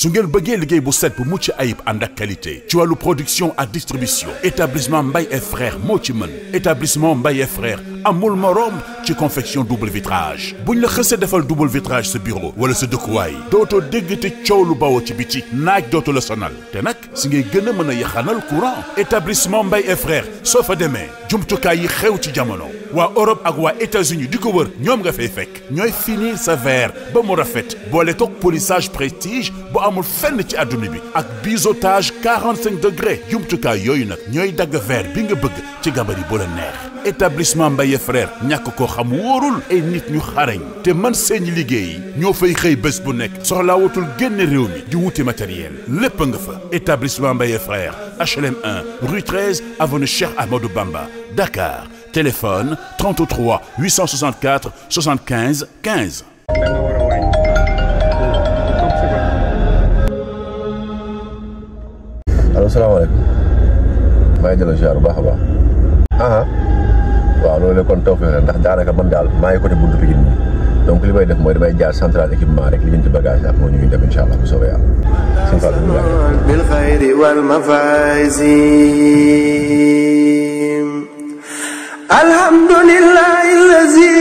su ngeen bëggee liggéey bu set bu mucc ayib ànd ak qualité ci wàllu production ak distribution établissement Mbaye et moo ci mën établissement mbay et frères amul morom ci confection double vitrage buñ la xësee defal double vitrage sa bureau wala sa dëkkuwaay dootoo dégg te coow lu bawoo ci biti naaj dootu la sonal te nag si ngay gën a mën a yaxanal courant établissement Mbaye et frères soo fa demee jumtukaay yi xew ci jamono waa Europe ak waa États-Unis di ko wër ñoom nga fay fekk ñooy finir sa verre ba mu rafet boole koog polissage prestige bu amul fenn ci adduna bi ak biseautage 45 degrés jumtukaay yooyu nag ñooy dagg verre bi nga bëgg ci gabari bu la neex établissement Mbaye et frères ñàkk ko xam wóorul ay nit ñu te man seen liggéey ñoo fay xëy bés bu nekk soxlaa watul génn di wuti matériel lépp nga fa établissement Mbaye frère HLM 1 rue 13 avenue Cheikh Amadou Bamba Dakar téléphone 33 864 waaw loolu kon tawfeex la ndax daanaka man daal maa ngi côté donc li may def mooy damay jaar central équipement rek li jëm ci bagage ak moo ñu ngi dem incha allah bu soobee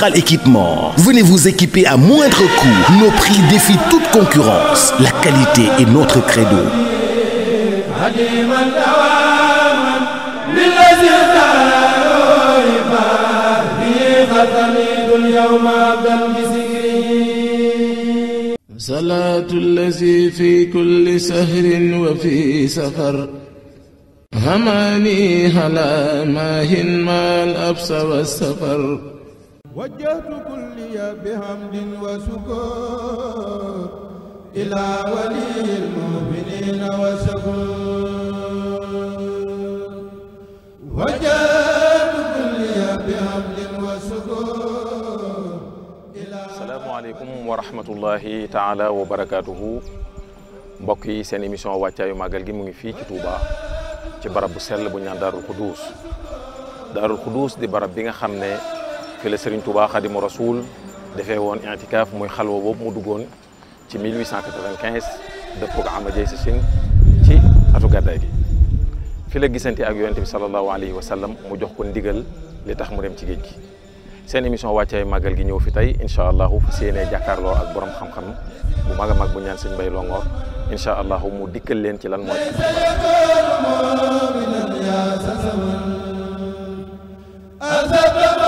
Central Équipement. Venez vous équiper à moindre coût. Nos prix défient toute concurrence. La qualité est notre credo. salaatu lazi fi kulli sahrin wa fi safar hamani hala maahin maal absa wa safar wajjahtu kulliya bihamdin wa sukur ila waliyil mu'minina wa sukur wajjahtu kulliya bihamdin wa sukur asalaamu aleykum wa rahmatullahi taala wa barakaatuhu mbokk yi seen émission wàccaayu màggal gi mu ngi fii ci Touba ci barab bu sell bu ñaan Daarul Xuduus Daarul Xuduus di barab bi nga xam ne fi la Serigne Touba Khadimu Rasoul defee woon intikaaf muy xalwa boobu mu duggoon ci 1895 dëppoo ak a Dieye si Chine ci atu gàddaay gi fi la gisante ak yonent bi sallallahu alayhi wa mu jox ko ndigal li tax mu dem ci géej gi seen émission wàccaay màggal gi ñëw fi tey incha allahu fas yéenee ak borom xam-xam bu mag a mag bu ñaan sëñ Bay Longoor incha allahu mu dikkal leen ci lan mooy. أثبت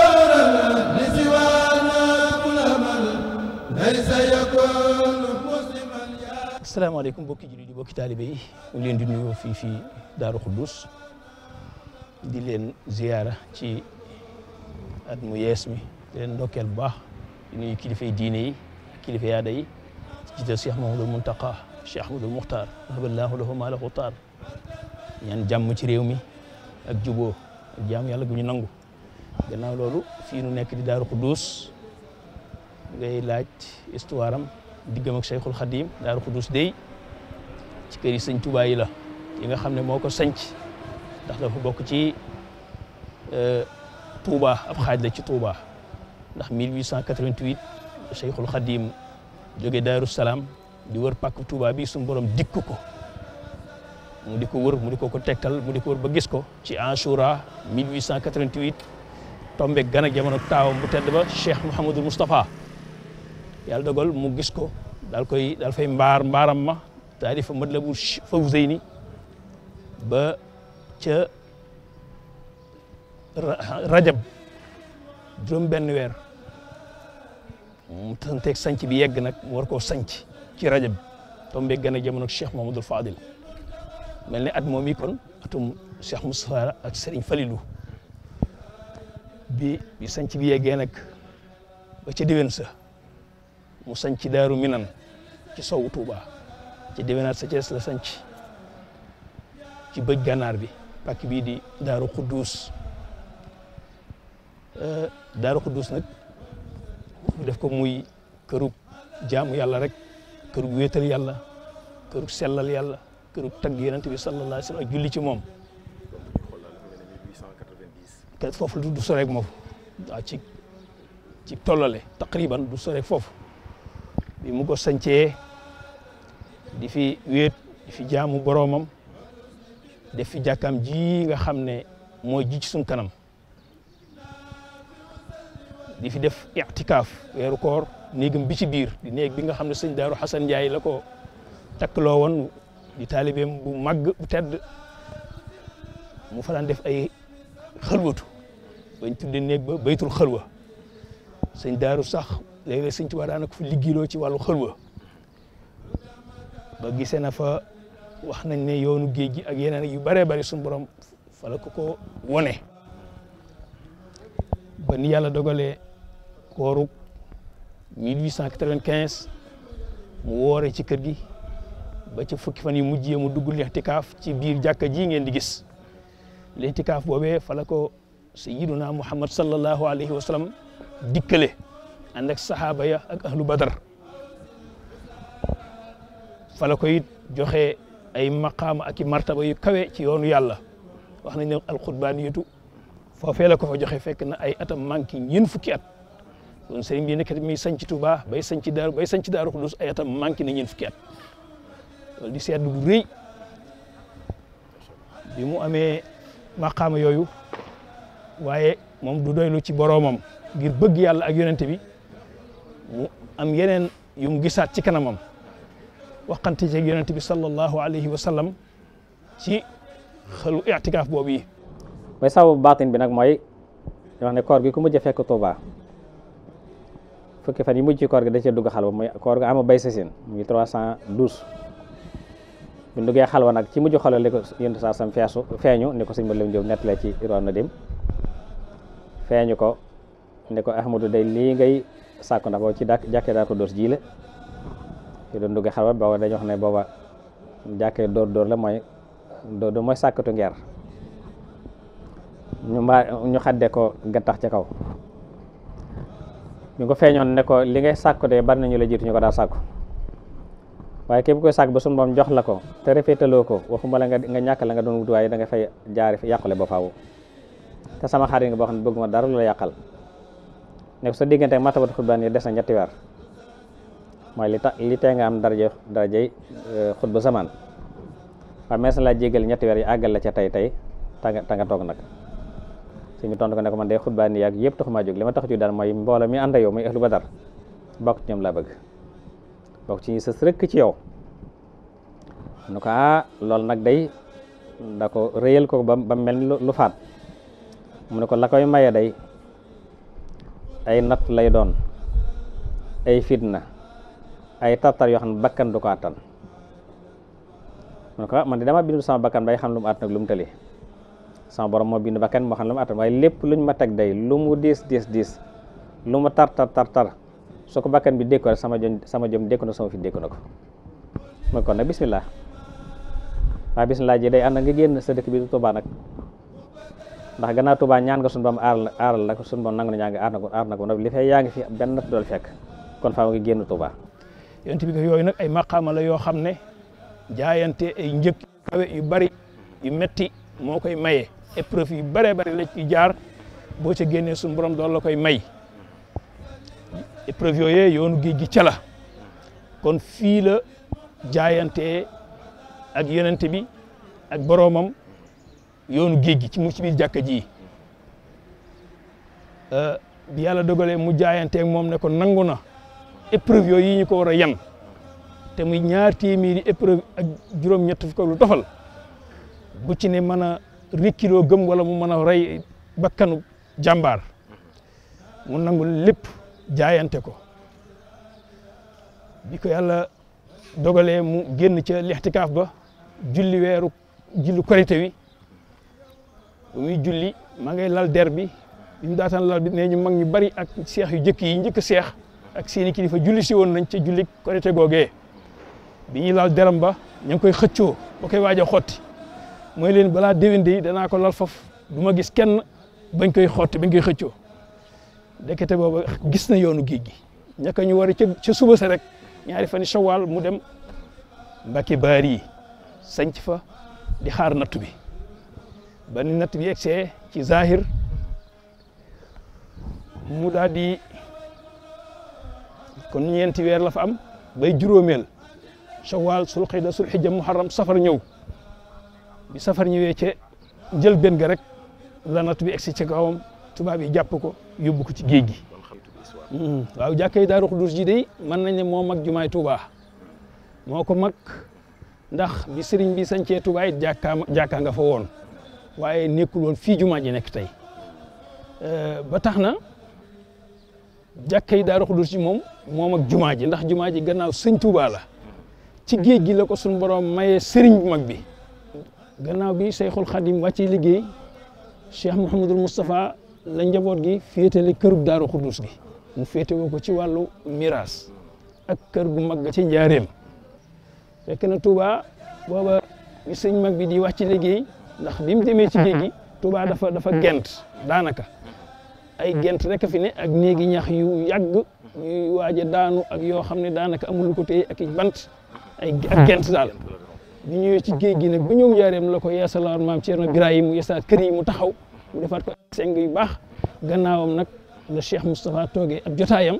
asalaamaaleykum bokki jullit yi bokki taalibe yi ñu leen di nuyoo fii fii Daaru Xuddus di leen ziyaara ci at mu yees mi leen ndokkeel bu baax di kilifay diine yi kilifa yaada yi jiital Cheikh Mahamadul Muntaqa Cheikh Ahmadul Muxtaar wahaballaahu lahu maa lahu taar ñaan jàmm ci réew mi ak juboo ak jaamu yàlla gu ñu nangu gannaaw loolu fii nu nekk di Daaru Xuddus ngay laaj histoire diggam ak Cheikhul Khadim Daaru Xudus day ci kër yi sëñ la yi nga xam ne moo ko sanc ndax dafa bokk ci e, Touba ab xaaj la ci Touba ndax 1888 Cheikhul Khadim jóge Daaru Salaam di wër pàkk Touba bi suñu borom dikk ko mu di ko wër mu di ko ko tekkal mu di ko wër ba gis ko ci Ashura 1888 tombe gan ak jamono taawam bu tedd ba Cheikh Mouhamadul Moustapha yàlla dogal mu gis ko daal koy daal mbaar mbaaram ma daal di fa mën la bu Fawzeyni ba ca rajab juróom benn weer mu tanteeg sanc bi yegg nag mu war koo sanc ci rajab tombe gën a jamono Cheikh Mamadou Fadil mel ne at moom i ak Serigne Falilou bi bi sanc bi yeggee nag ba ca déwén sa mu sanc daaru minan ci sowu Touba ci déwénaat sa Cees la sanc ci bëj gànnaar bi pàkk bii di daaru Quddus euh, daaru Quddus nag mu def ko muy kërug jaamu yàlla rek kërug wéetal yàlla kërug sellal yàlla kërug tagg yonent bi sallallahu alayhi wa sallam ak julli ci moom foofu du soreeg moofu waaw ci ci tollale du soreeg foofu bi mu ko sancee di fi wéet di fi jaamu boroomam def fi jàkkaam ji nga xam ne mooy ji ci suñ kanam di fi def ictikaaf weeru koor néegam bi ci biir di néeg bi nga xam ne sëñ Daaru Xasan Njaay la ko takkloo woon di taalibeem bu màgg bu tedd mu fa def ay xalwatu bañ tudde néeg ba baytul xalwa sëñ Daaru sax léeg-léeg sëñ Tuubaa daana ko fi liggéeyloo ci wàllu xëlwa ba gisee na fa wax nañ ne yoonu géej gi ak yeneen yu bëree bëri suñu borom fa ko ko wone ba ni yàlla dogalee koorug 1895 mu woore ci kër gi ba ci fukki fan yu mujjee mu dugg lixtikaaf ci biir jàkka ji ngeen di gis lixtikaaf boobee fa la ko sayyiduna Muhammad sallallahu alayhi wa sallam dikkale ànd ak saxaaba ya ak ahlu badar fa la ko joxe ay maqaama ak i martaba yu kawe ci yoonu yàlla wax nañ ne alxutbaaniyatu foofee la ko joxe fekk na ay atam manqué ñeent fukki at kon sëriñ bi nekkat mi sanc Tuuba bay sanc daaru bay sanc daaru Xudus ay atam manqué na ñeent fukki at loolu di seetlu bu rëy mu amee maqaama yooyu waaye moom du doylu ci boroomam ngir bëgg yàlla ak yonente bi mu am yeneen yu mu gisaat ci kanamam waxante ci yonent bi sallallahu alayhi wa sallam ci xalu itikaaf boobu yi mooy sababu baatin bi nag mooy ñu wax ne koor gi ku mujj fekk Tuuba fukki fan yi mujj ci koor gi da cee dugg xalwa mooy koor gi ama bay sasin muy trois cent douze bu ñu duggee xalwa nag ci mujj xolal li ko yënd saa sam feesu feeñu ni ko sëñ Malick Diop nettalee ci Irwa Nadim feeñu ko ne ko Ahmadou day Sakkunda boobu ci dàkk jàkkee daa ko dóor jiile fi doon dugg xarbat booba dañuy wax ne booba jàkkee dóor dóor la mooy dóor dóor mooy sàkkatu ngeer ñu mbaa ñu xadde ko gattax ca kaw ñu ko feeñoon ne ko li ngay sàkku de bari nañu la jiitu ñu ko daa sàkku waaye képp koy sakk ba suñu moom jox la ko te rafetaloo ko waxuma la nga nga ñàkk la nga doon wut waaye da fay jaari yàqule ba faaw te sama xarit nga boo xam bëgguma dara lu yàqal ne ko sa diggante martabatu xutbaan yi des na ñetti mooy li tax nga am daraja darajay euh, xutba samaan waaye mees na laa jégal ñetti weer yi àggal la ca tey tey tanga tanga toog nag suñu ton ko ne ma man de xutbaan yi yàgg yëpp taxumaa jóg li ma tax ju daal mooy mbooloo mi ànd yow muy ahlu badar bokk ci ñoom laa bëgg bokk ci ñi sës rëkk ci yow nu ko ah loolu nag day da ko ko ba ba mel lu faat mu ne ko la koy day ay natt lay doon ay fitna ay tartar yoo xam ne bakkan du ko attan man ko ah, man de dama bindu sama bakkan bay xam lu mu at nag lu mu tëli sama borom moo bind bakkan moo xam lu mu attan waaye lépp lu ñu ma teg day lu mu diis diis diis lu mu tartar tartar su ko bakkan bi dékku rek sama jom sama jom dékku na sama fi dékku na ko mooy kon nag bismillah waaye bismillah ji day ànd nga génn sa dëkk bi du Tuubaa nag ndax gannaaw Touba ñaan nga suñu borom aaral aaral la ko suñu borom nangu na ñaa ngi aar na ko aar na ko ndax li fay yaa ngi fi benn dool fekk kon faaw nga génn Touba yonent yooyu nag ay maqaama la yoo xam ne jaayante ay njëkk kawe yu bari yu metti moo koy maye épreuve yu bëree bari la ci jaar boo ca génnee suñu borom dool la koy may épreuve yooyee yoonu géej gi ca la kon fii la jaayante ak yonent bi ak boroomam yoonu géej gi ci mu ci biir jàkka ji euh, bi yàlla dogalee mu jaayanteeg moom ne ko nangu na épreuve yooyu yi ñu ko war a yan te muy ñaar téeméeri épreuve ak juróom-ñett fi tofal bu ci ne mën a rékkiloo gëm wala mu mën a rey bakkanu jàmbaar mu nangu lépp jaayante ko bi ko yàlla dogalee mu génn ca lextikaaf ba julli weeru julli korité wi ba muy julli ma lal der bi bi mu daataan lal bi nee ñu mag ñu bari ak seex yu njëkk yi njëkk seex ak seeni kilifa julli si woon nañ ca julli korite googee bi ñuy lal deram ba ñu ngi koy xëccoo ba koy waaj a xotti mooy leen balaa déwén de danaa ko lal foofu du ma gis kenn bañ koy xotti bañ koy xëccoo dekete boobu gis na yoonu géej gi ñàkk ñu war ca ca suba sa rek ñaari fan shawal mu dem Mbacke Baari yi sanc fa di xaar nattu bi. ba ni natt bi egsee ci zahir mu daal di kon ñeenti weer la am bay juróomeel shawal sul xida sul xijja muharram safar ñëw bi safar ñëwee ca jël benn ga rek la natt bi egsi ci kawam tubaab yi jàpp ko yóbbu ci géej gi mm-hmm. waaw jàkkay Daaru Xuduus ji day mën nañ ne moo mag jumaay Tuubaa moo ko mag ndax bi sëriñ bi sancee Tuubaa it jàkkaa nga fa woon waaye nekkul woon fii jumaa ji nekk tey euh, ba tax na jàkka yi Daaru Xudoos ci moom moom ak jumaa ji ndax jumaa ji gannaaw sëñ Tuubaa la ci géej gi la ko suñu borom mayee sëriñ bu mag bi gannaaw bi Seyxul Xadim wàcce liggéey Cheikh Mouhamadul Moustapha la njaboot gi féetale kër Daaru Xudoos gi mu féete woo ko ci wàllu miraas ak kër gu mag ga ci njaareem fekk na booba sëñ mag bi di wàcc liggéey ndax bi mu demee ci géej gi Touba dafa dafa gent daanaka ay gent rek fi ne ak néegi ñax yu yàgg yuy waaj daanu ak yoo xam ne daanaka amul lu ko téye ak i ay ak gent daal bi ñëwee ci géej gi nag bu ñëw njaareem la ko yeesalaat maam Thierno Birahim mu yeesalaat kër yi mu taxaw mu defaat ko seng yu baax gannaawam nag la Cheikh Moustapha toogee ak jotaayam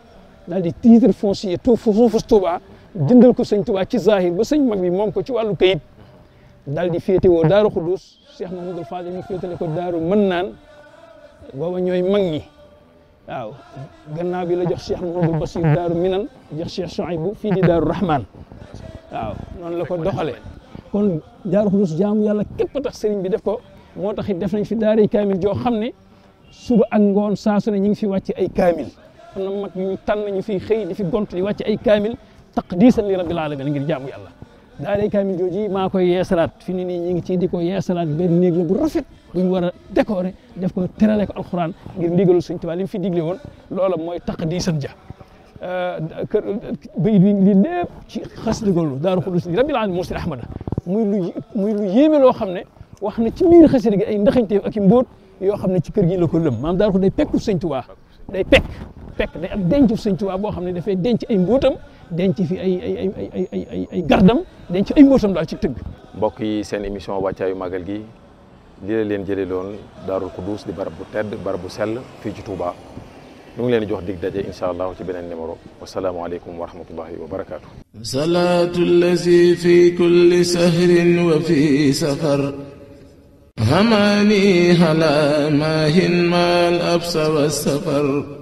daal di titre foncier suufus Touba jëndal ko sëñ Touba ci zahir ba sëñ mag bi moom ko ci wàllu kayit daal di féetewoo daaru Xudus Cheikh Mamadou Fadil ñu féetale ko daaru mën naan booba ñooy mag ñi waaw gannaaw la jox Cheikh Mamadou Basir daaru Minan jox Cheikh Chouaibou fii di daaru Rahman waaw noonu la ko kon daaru Xudus jaamu yàlla képp tax sëriñ bi def ko moo tax it def nañ fi daaray kaamil joo xam ne suba ak ngoon saa su ñu ngi fi wàcc ay kaamil am na mag ñu tànn ñu fi xëy di fi gont di wàcc ay kaamil taqdiisan li rabbil alamin ngir jaamu yàlla. daaray kaamil jooji maa koy yeesalaat fi ni nii ñu ngi ci di ko yeesalaat benn néeg la bu rafet buñ war a décorer def ko terale ko alxuraan ngir ndigalul Sëñ Tuubaa li mu fi digle woon loola mooy taq di sën ja euh, kër bayit bi li lépp ci xas digoolu daaru xudus li rabbil alamin mursil ahmada muy lu muy lu yéeme loo xam ne wax na ci biir xasida ay ndaxañteef ak i mbóot yoo xam ne ci kër gi la ko lëm maam daaru xudus day pekku Sëñ Tuubaa day pekk pekk day ak dencu Sëñ Tuubaa boo xam ne dafay denc ay mbootam denc fi ay ay ay ay ay ay ay gardam denc ay mbootam daal ci tëgg. mbokk yi seen émission wàccaayu magal gi li leen jëlee loon Daarul Xuduus di barab bu tedd barab bu sell fii ci Touba ñu ngi leen di jox dig daje incha allah ci beneen numéro wasalaamualeykum wa rahmatullahi wa barakaatu. salaatu lazi fi kulli sahrin wa fi safar. hamaani ala maahin maal absa wa safar.